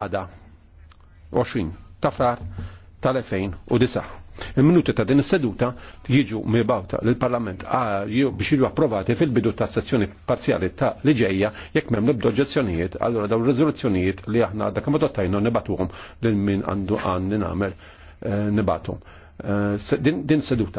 għada 20 ta' frar tal-2009. Il-minuti ta' din is-seduta jiġu mibawta l-Parlament biex jiġu approvati fil-bidu ta' sessjoni parzjali ta' liġeja jekk m'hemm nibdu ġezzjonijiet. allura dawn riżoluzzjonijiet li aħna dak kemm adottajna nibatuhom lil min għandu għandi nagħmel eh, nibatuhom. Eh, din seduta